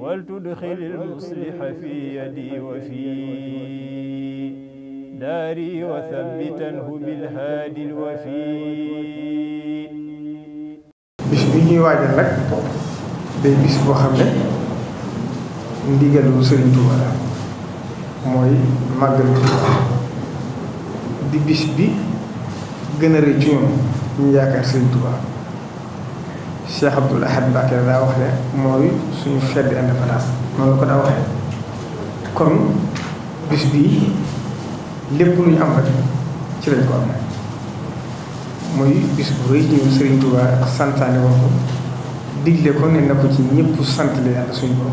ولتدخل المصلح في يدي وفي داري وثبتنه بالهادي الوفي bis bi ñuy waajal nag day bis boo xam ne ndigalu Sëriñ Tuuba la mooy màggalu di bis bi gën a rëy ci ñoom ñu yaakaar Sëriñ Tuuba Cheikh Abdoul Ahad Mbacké daa wax ne mooy suñu fête indépendance noonu la ko daa waxee kon bis bii lépp lu ñu am rek ci lañ ko amee muy bis bu rëy ñu Serigne Touba santaane woon ko digle ko ne na ko ci ñëpp sant la yàlla suñu borom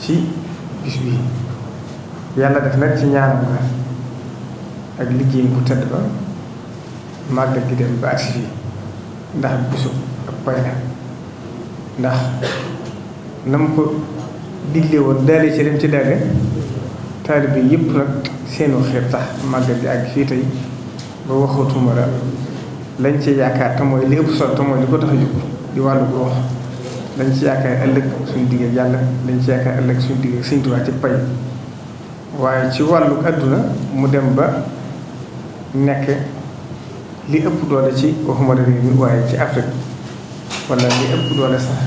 ci bis bii yàlla def nag ci ñaanam nga ak liggéey bu tedd ba màggal gi dem ba agsi fii ndax bisu ak pay la ndax na mu ko digle woon daale ci dem ci daale taalibe yëpp nag seenu xeet tax màggal di àgg fii tey ba waxatuma la lañ ci yaakaar te mooy li ëpp solo te li ko tax a jóg di wàllu ruux lañ ci yaakaar ëllëg suñu digg yàlla lañ ci yaakaar ëllëg suñu digg Sëñ Tuubaa ci pay waaye ci wàllu àdduna mu dem ba nekk li ëpp doole ci waxuma réew mi waaye ci Afrique wala li ëpp doole sax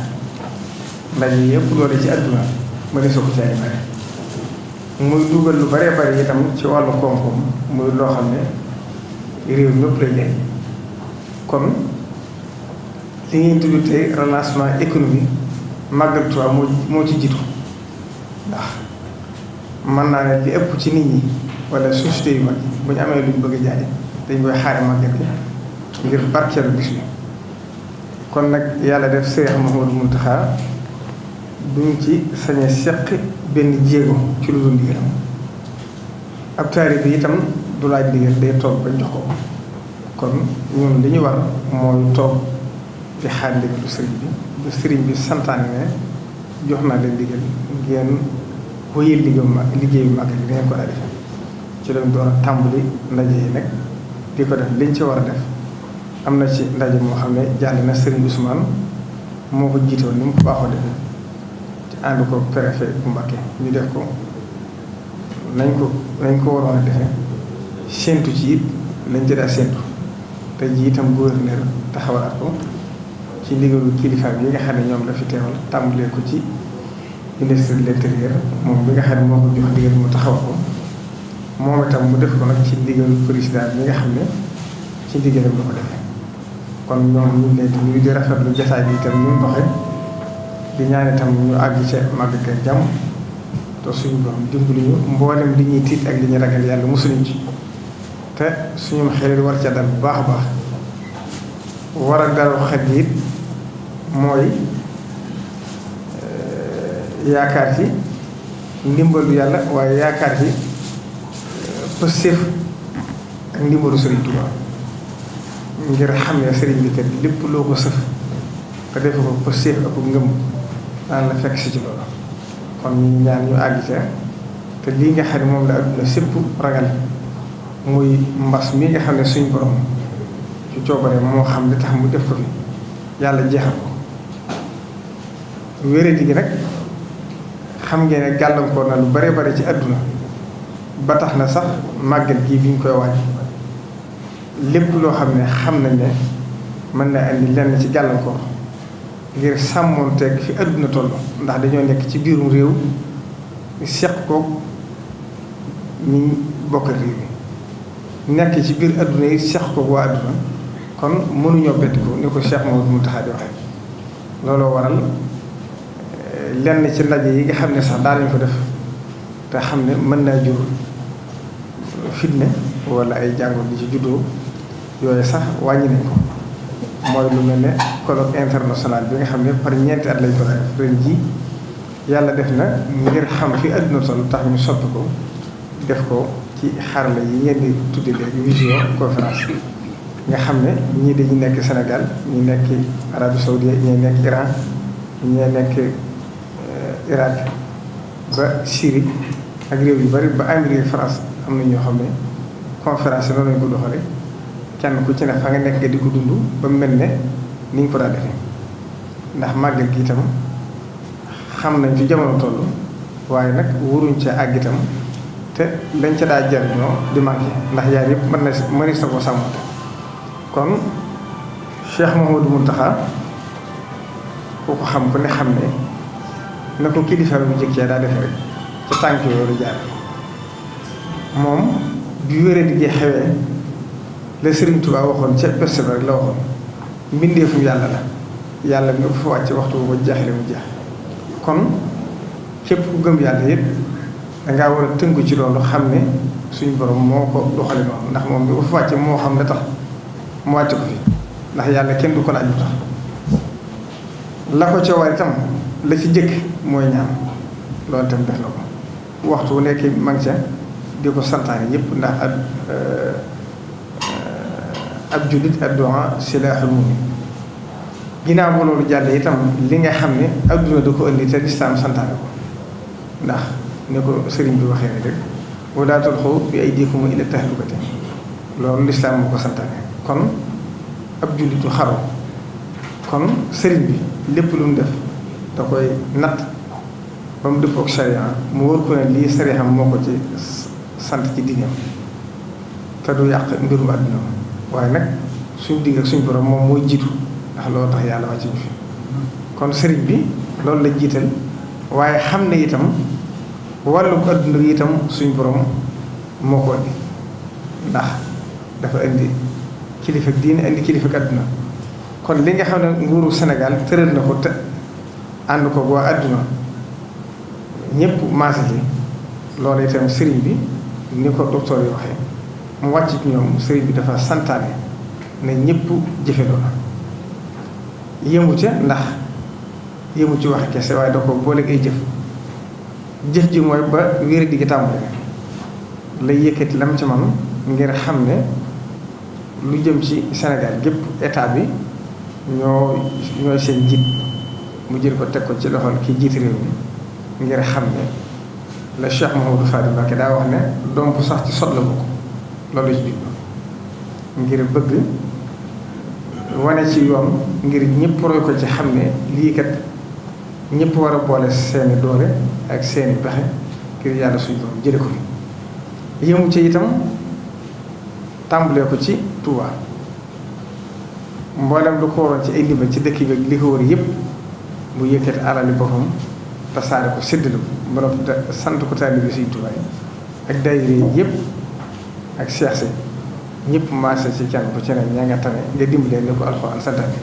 ndaje yi ëpp doole ci àdduna mëne soo ko caay bare muy dugal lu baree bari tam ci wàllu koom-koom muy loo xam ne réew ñëpp lay jëriñ kon li ngeen tudd tey relancement économique Màggal Tuubaa moo moo ci jiitu ndax naa ne li ëpp ci nit ñi wala société yu mag bu ñu amee lu ñu bëgg a jaay dañ koy xaar màggal gi ngir barkeelu bis bi kon nag yàlla def Seex Mahmoud Muntaxa duñ ci sañe seq benn jéego ci lu dul ndigalam ab taari bi itam du laaj ndigal day toog bañ jox ko kon ñun li ñu war mooy toog di xaar ndigalu sëriñ bi bu sëriñ bi santaane ne jox naa leen ndigal ngeen wëyee liggéeyu mag liggéeyu mag li ngeen ko daa defee ci lañ door a tàmbali ndaje yi nag li ko def liñ ci war a def am na ci ndaje moo xam ne jàll na Serigne Ousmane moo ko jiitoon ni ko baaxoo ci ànd ko préfet bu Mbacké ñu def ko nañ ko nañ ko waroon a defee séntu lañ ci daa séntu te ji itam taxawalaat ko ci ndigalu kilifa bi nga xam ne ñoom la fi teewal tàmbulee ko ci ministre de moom bi nga xam ne moo ko jox ndigal mu taxawal ko. moom itam mu def ko nag ci ndigal président bi nga xam ne ci ndigalam la ko defee kon ñoom ñu ngi leen di di rafetlu jotaay bi itam ñu doxee di ñaan itam ñu àgg ca màgg ka jàmm te suñu borom dimbali ñu mboolem li ñuy tiit ñuy ragal yàlla mosuñu ci te suñu xel war ca dal bu baax a baax war a dal xel yi mooy eh, yaakaar ci ndimbalu yàlla waaye yaakaar ci. pëstéef ak ndimbalu Serigne Touba ngir xam ne Serigne bi kat lépp loo ko sëf te defe ko pëstéef ak ngëm daan la fekk si ci loolu kon ñu ñaan ñu àgg te lii nga xam ne moom la adduna sépp ragal muy mbas mii nga xam ne suñ borom ci coobare moo xam li tax mu def ko fi yàlla jeexal ko wéradi gi nag xam ngeen ne gàllankoor na lu bare bare ci àdduna ba tax na sax màggal gii bi ñu koy waaj lépp loo xam ne xam nañ ne mën na andi lenn ci gàllankoor ngir teg fi àdduna toll ndax dañoo nekk ci biirum réew seq koog ñi bokk réew mi nekk ci biir àdduna yi seq koog waa àdduna kon mënuñoo bett ko ni ko Cheikh mu Moutakha di waxee looloo waral eh, lenn ci ndaje yi nga xam ne sax daa lañ ko def te xam ne mën naa jur fitne wala ay jàngoor di ci juddoo yooyu sax wàññi ko mooy lu mel ne colloque international bi nga xam ne par ñeenti at lañ ko def ren ji yàlla def na ngir xam fi àdduna toll tax ñu soppi ko def ko ci xarala yi ngeen di tuddee léegi visio nga xam ne ñii dañu nekk senegal ñi nekk Arabie Saoudite ñi nekk Iran ñi nekk euh, Irak ba Syrie ak réew yu bari ba Amérique France am na ñoo xam ne conférence yi noonu lañ ko doxale kenn ku ci ne fa nga nekk nga di ko dund ba mel ne ni nga ko daan defee ndax màggal gi itam xam nañ fi jamono toll waaye nag waruñ ca àgg itam te dañ ca daa jariñoo di manqué ndax yaay yëpp mën na mënees na ko sàmmante kon Cheikh Mouhamadou Mountakha ku ko xam ku ne xam ne na ko kilifa bu njëkk yaa daa defee te tànk yooyu jaar moom bi wéradi gi xewee la Serigne Touba waxoon ca peste la waxoon mbindeefum yàlla la yàlla nga fa wàcce waxtu bu ba jaaxle mu jeex kon képp ku gëm yàlla yëpp dangaa war a ko ci loolu xam ne suñu borom moo ko doxale noonu ndax moom bi ko wàcce moo xam ne tax mu wàcce ko fi ndax yàlla kenn du ko bu tax la ko ca war itam la ci jëkk mooy ñaan loolu itam def na ko waxtu wu nekk mag ca ko santaane ñëpp ndax ab euh, euh, ab jullit addu'a silaaxul mu'min ginnaaw ba loolu jàll itam li nga xam ne adduna da ko indi te lislaam santaane ko ndax ne ko sëriñ bi waxee ne rek walaa tulquu bi aydiikum ilaa tahlukati loolu lislaam moo ko santaane kon ab jullit du xaru kon sëriñ bi lépp lu mu def da koy natt ba mu dëppoo ak sariya mu wóor ko ne lii sariya moo ko ci sant ci diineem te du yàq mbirum àdduna waaye nag suñ digg ak suñ borom moom mooy jiitu ndax loolu tax yàlla wàcc ñu fi kon sëriñ bi loolu la jiital waaye xam ne itam wàllu ko àdduna bi itam suñ borom moo ko indi ndax dafa indi kilifa diine indi kilifa àdduna kon li nga xam ne nguuru Sénégal tëral na ko te ànd ko waa àdduna ñëpp maas ji loolu itam sëriñ bi ni ko docteur yi waxee mu wàcc ñoom sëriñ bi dafa santaane ne ñëpp jëfe loola yëmu ca ndax yëmu ci wax kese waaye da ko boole ay jëf jëf ji mooy ba wéer diggi tàmbale lay yëkkati lam ci man ngir xam ne lu jëm ci Sénégal gépp état bi ñoo ñooy seen jiit mu jël ko teg ko ci loxol ki jiit réew mi ngir xam ne la Cheikh Mouhamadou Fadil Mbacké daa wax ne doom bu sax ci sot la bokk loolu ci jublu ngir bëgg wane ci yoon ngir ñëpp roy ko ci xam ne lii kat ñëpp war a boole seeni doole ak seeni pexe ngir yàlla suñu doom jële ko fi ci itam tàmbalee ko ci Touba mboolem lu ko waroon ci ay liba ci dëkk bi li ko wër yëpp mu yëkkati alali boppam tasaare ko séddale ko ba noppi sant ko taalibe bi Sëriñ Tuubaa ak daayira yëpp ak seex si ñëpp maase ci kenn ku ci ne ña nga tane nga dimbalee ni ko alxuraan santaane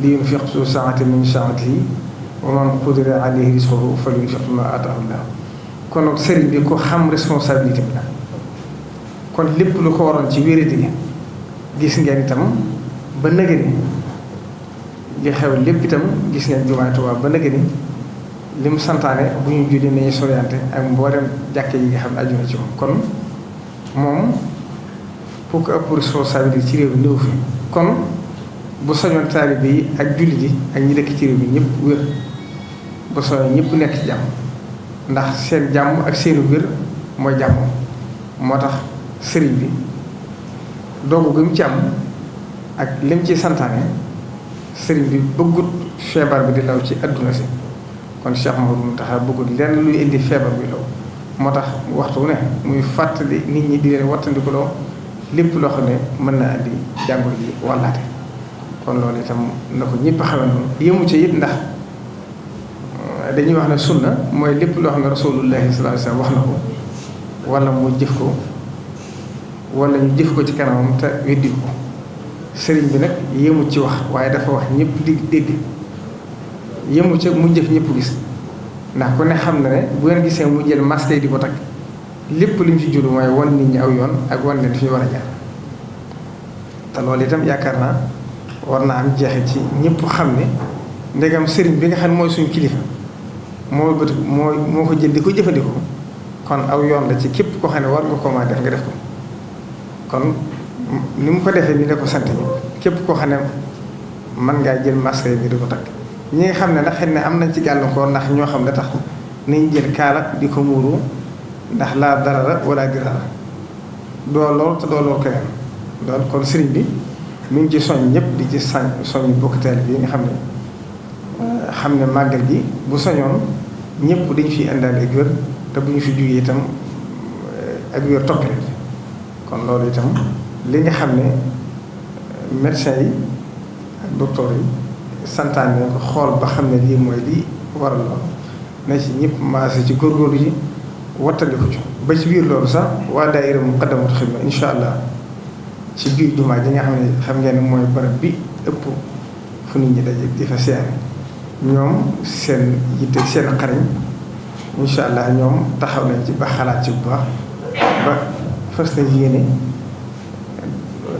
li yunfiq su saati min saatihi wa man qudira alayhi rizquhu falyunfiq ma ataahu llah kon nag sëriñ bi ko xam responsabilité bi la kon lépp lu ko waroon ci wér dige gis ngeen itam ba nëgëni li xew lépp itam gis ngeen jumaa Tuubaa ba nëgëni li santaane bu ñu julli nañu soriante ak mboolem jàkk yi nga xam ne aju ci moom kon moom pour que ëpp responsabilité ci réew mi kon bu soñoon taalibe yi ak jullit yi ak ñi dëkk ci réew mi ñëpp wér bu soñoon ñëpp nekk ci jàmm ndax seen jàmm ak seenu wér mooy jàmm moo tax sëriñ bi doogu gi mu ci am ak lim ci santaane sëriñ bi bëggut feebar bi di law ci àdduna si kon Cheikh Mouhamadou Mountakha bëggul lenn luy indi feebar bi law moo tax waxtu ne muy fàttali nit ñi di leen wattandikuloo lépp loo ne mën na indi jàngoro ji wàllaate kon loolu itam na ko ñëpp xamee noonu yëmu ci ndax euh, dañuy wax ne sunna mooy lépp loo xam ne rasulullahi sallallahu alayhi wasallam wax na ko wala mu jëf ko wala ñu jëf ko ci kanamam te weddi ko sëriñ bi nag yëmu ci wax waaye dafa wax ñëpp di dégg yëmu ca mu jëf ñëpp gis ndax ko ne xam na ne bu ngeen gisee mu jël masque yi di ko takk lépp lu mu ci juru mooy wan nit ñi aw yoon ak wan leen fi ñu war a jaar te loolu itam yaakaar naa war naa am jeexit ci ñëpp xam ne ndegam sëriñ bi nga xam ne mooy suñ kilifa moo bët moo moo ko jël di ko jëfandikoo kon aw yoon la ci képp koo xam ne war nga ko ma def nga def ko kon ni mu ko defee ni la ko sant ñëpp képp koo xam ne mën ngaa jël masque yi di ko takk. ñi xam ne nag xëy ne am nañ ci gàllankoor ndax ñoo xam ne tax nañ jël kaala di ko muuru ndax laa la wala dirara doo lool te doo lool keneen doon kon sëriñ bi mu ngi ci soñ ñëpp di ci sañ soñ bokkiteel bi nga xam ne euh, xam ne màggal gi bu soñoon ñëpp dañ fi indaale ak wér te bu ñu fi jugee itam euh, ak wér topp kon loolu tam li nga xam ne euh, médecin yi ak docteur yi santaan ko xool ba xam ne lii mooy lii waral loolu na ci ñëpp maase ci góorgóorlu ji wattandiku ci ba ci biir loolu sax waa daayira Muqaddamatul Xidma incha allah ci biir jumaa ji nga xam ne xam ngeen mooy barab bi ëpp fu nit ñi daje di fa seere ñoom seen yitte seen xariñ incha allah ñoom taxaw nañ ci ba xalaat ci bu baax ba fas yéene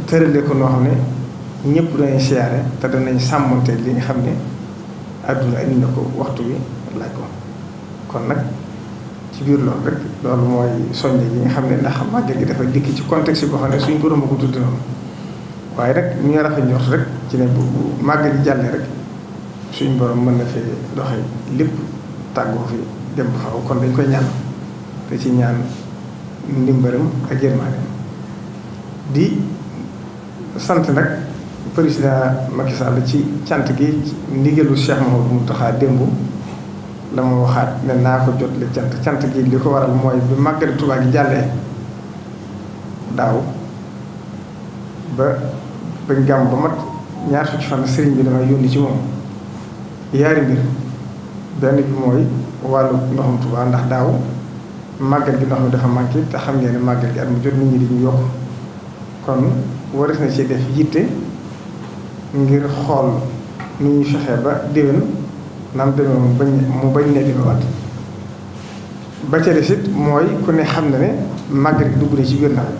tërale ko noo xam ne ñëpp danañ siyaare te danañ sàmmante li nga xam ne àdduna indi na ko waxtu wi laaj ko kon nag ci biir loolu rek loolu mooy soññe yi nga xam ne ndax màggal gi dafa dikk ci contexte boo xam ne suñ borom a ko tudd noonu waaye rek ñu ngi rafet ñor rek ci ne bu màggal gi jàllee rek suñ borom mën na fee doxe lépp tàggoo fi dem ba faaw kon dañ koy ñaan te ci ñaan ndimbalam ak yërmaaneem di sant nag. président makki Sall ci cant gi ndigalu bu Mouhamadou Mountakha démb la ma waxaat ne naa ko jot li cant cant gi li ko waral mooy bi màggal Tuubaa gi jàllee daaw ba ba gàmm ba mat ñaar fukki fan sëriñ bi damay yónni ci moom yaari mbir benn bi mooy wàllu ndoxum Tuubaa ndax daaw màggal gi ndox mi dafa manqué te xam ngeen ne màggal gi at mu jot nit ñi di ñu yokk kon waris na ci def yitte ngir xool ni ñuy fexe ba déwén nam demee mu bañ mu bañ ne demewaat ba ca mooy ku ne xam na ne màggal gi dugg na ci biir nawet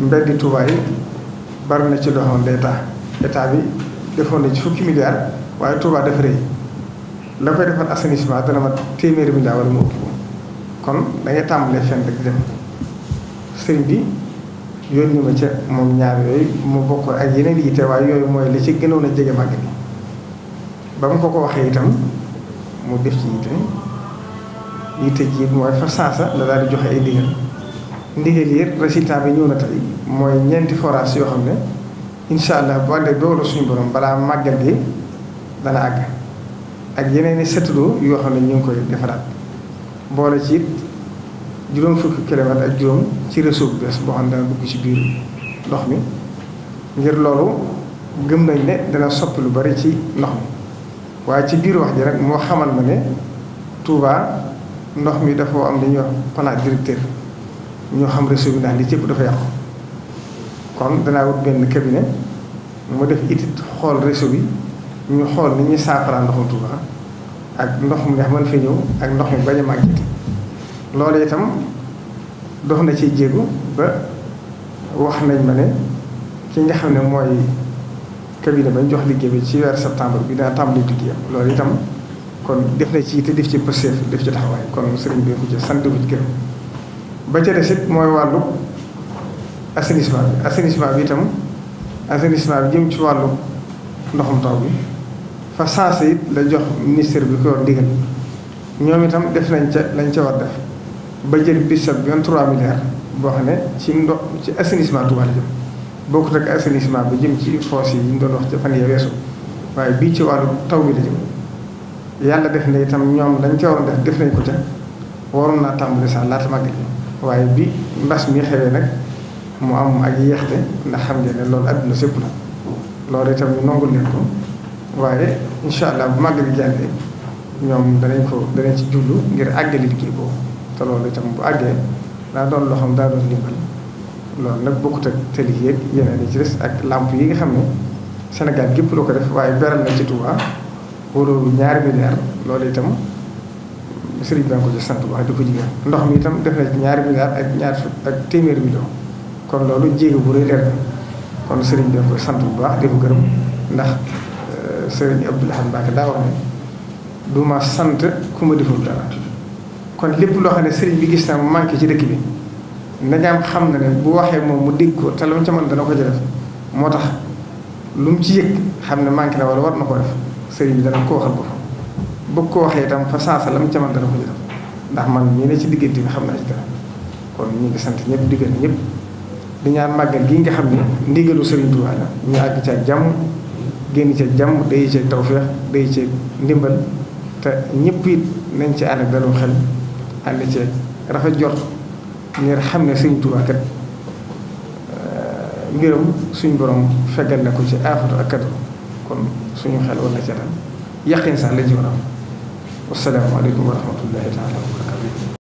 mbedd Tuubaa yi bari na ci loo xam ne état état bi defoon na ci fukki milliards waaye Tuubaa dafa rëy la koy defar assainissement dana mat téeméeri milliards wala mu ëpp ko kon da ngay tàmbalee fenn dem sëriñ bi. yónni ma ca moom ñaar yooyu mu bokk ak yeneen yitte waaye yooyu mooy li ci gënoon a jege màgg bi ba mu ko ko waxee itam mu def ci yitte yitte ji mooy fa saasa la daal di joxe ay ndigal ndigal yëpp bi ñëw na tey mooy ñeenti forage yoo xam ne incha allah bu àndee doolu suñu borom balaa màggal gi dana àgg ak yeneen i seetlu yoo xam ne ñu ngi koy defaraat boole ci juróom fukki kilomètre ak juróom ci réseau bu bees boo xam ne dana dugg ci biir ndox mi ngir loolu gëm nañ ne dana soppi lu bari ci ndox mi waaye ci biir wax ji moo xamal ma ne Touba ndox mi dafa am dañuy wax plan directeur ñoo xam réseau bi ndax li cëpp dafa yàqu kon danaa wut benn cabinet mu def itit xool réseau bi ñu xool ni ñuy saafara ndoxum Touba ak ndox mi ne xam ne fa ñëw ak ndox mi bañ a màggati loolu itam dox na ci jéegu ba wax nañ ma ne ki nga xam ne mooy cabinet bañ jox liggéey bi ci weer septembre bi dana tàmbali liggéeyam loolu itam kon def na ci te def ci pëseef def ci taxawaay kon sëriñ bi ko ci sant ko ba ca des it mooy wàllu assainissement bi itam assainissement jëm ci wàllu ndoxum taw bi fa saase la jox ministère bi ko war ñoom itam def nañ ca lañ ca war def ba jël bis ak 23 milliards boo xam ne ci ndo ci assainissement Touba la jëm bokkut ak assainissement bi jëm ci fosse yi ñu doon wax ci fan weesu waaye bii ci wàllu taw bi la yàlla def na itam ñoom lañ ca waroon def def nañ ko ca waroon naa tàmbali sax laata màggal waaye bi mbas mi xewee nag mu am ak yéexte ndax xam ngeen ne loolu àdduna sépp la loolu itam ñu nongul leen waaye incha allah bu màggal gi jàllee ñoom danañ ko danañ ci jublu ngir àggali liggéey boobu. te loolu itam bu àggee daa doon loo xam daa loolu nag bokkut ak tëli yeeg yeneen yi ci des ak làmp yi nga xam ne senegal gépp la ko def waaye beral na ci Touba wóoroobu ñaari milliards loolu itam sëriñ bi ko ci sant bu baax di ko jigéen ndox mi itam def na ci ñaari milliards ak ñaar ak téeméeri million kon loolu jéego bu rëy leer kon sëriñ bi ko sant bu baax di ko gërëm ndax euh, sëriñ Abdoul Ahad Mbacké daa wax ne du sant ku ma deful kon lépp loo xam ne sëriñ bi gis naa mu ci dëkk bi ndajaam xam na ne bu waxee moom mu dégg ko te la mu ca mën dana ko jël moo tax lu mu ci yëg xam ne manqué na wala war na ko def sëriñ bi dana ko ko bëgg ko waxee itam fa saasa la mu ca mën dana ko jël ndax man ñi ne ci diggante bi xam naa ci dara kon ñu ngi sant ñëpp diggante ñëpp di ñaan màggal gii nga xam ne ndigalu sëriñ Tuubaa la ñu àgg ca jàmm génn ca jàmm day ca tawféex day ca ndimbal te ñëpp it nañ ci ànd ak dalum xel ànd ceeg rafet jort ngir xam ne sëñ Tuubaa kat mbiram euh, suñ borom feggal ne ko ci aafatu ak kaddu kon suñu xel war na yaqin sax la ji war a am wasalaamaaleykum wa rahmatullahi taala